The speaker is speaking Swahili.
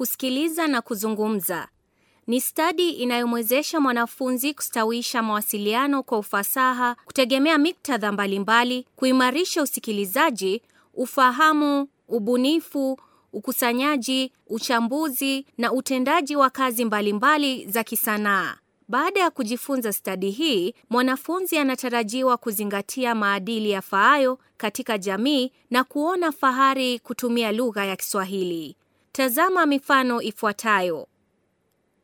kusikiliza na kuzungumza. Ni stadi inayomwezesha mwanafunzi kustawisha mawasiliano kwa ufasaha, kutegemea miktadha mbalimbali, kuimarisha usikilizaji, ufahamu, ubunifu, ukusanyaji, uchambuzi na utendaji wa kazi mbalimbali za kisanaa. Baada ya kujifunza stadi hii, mwanafunzi anatarajiwa kuzingatia maadili yafaayo katika jamii na kuona fahari kutumia lugha ya Kiswahili. Tazama mifano ifuatayo.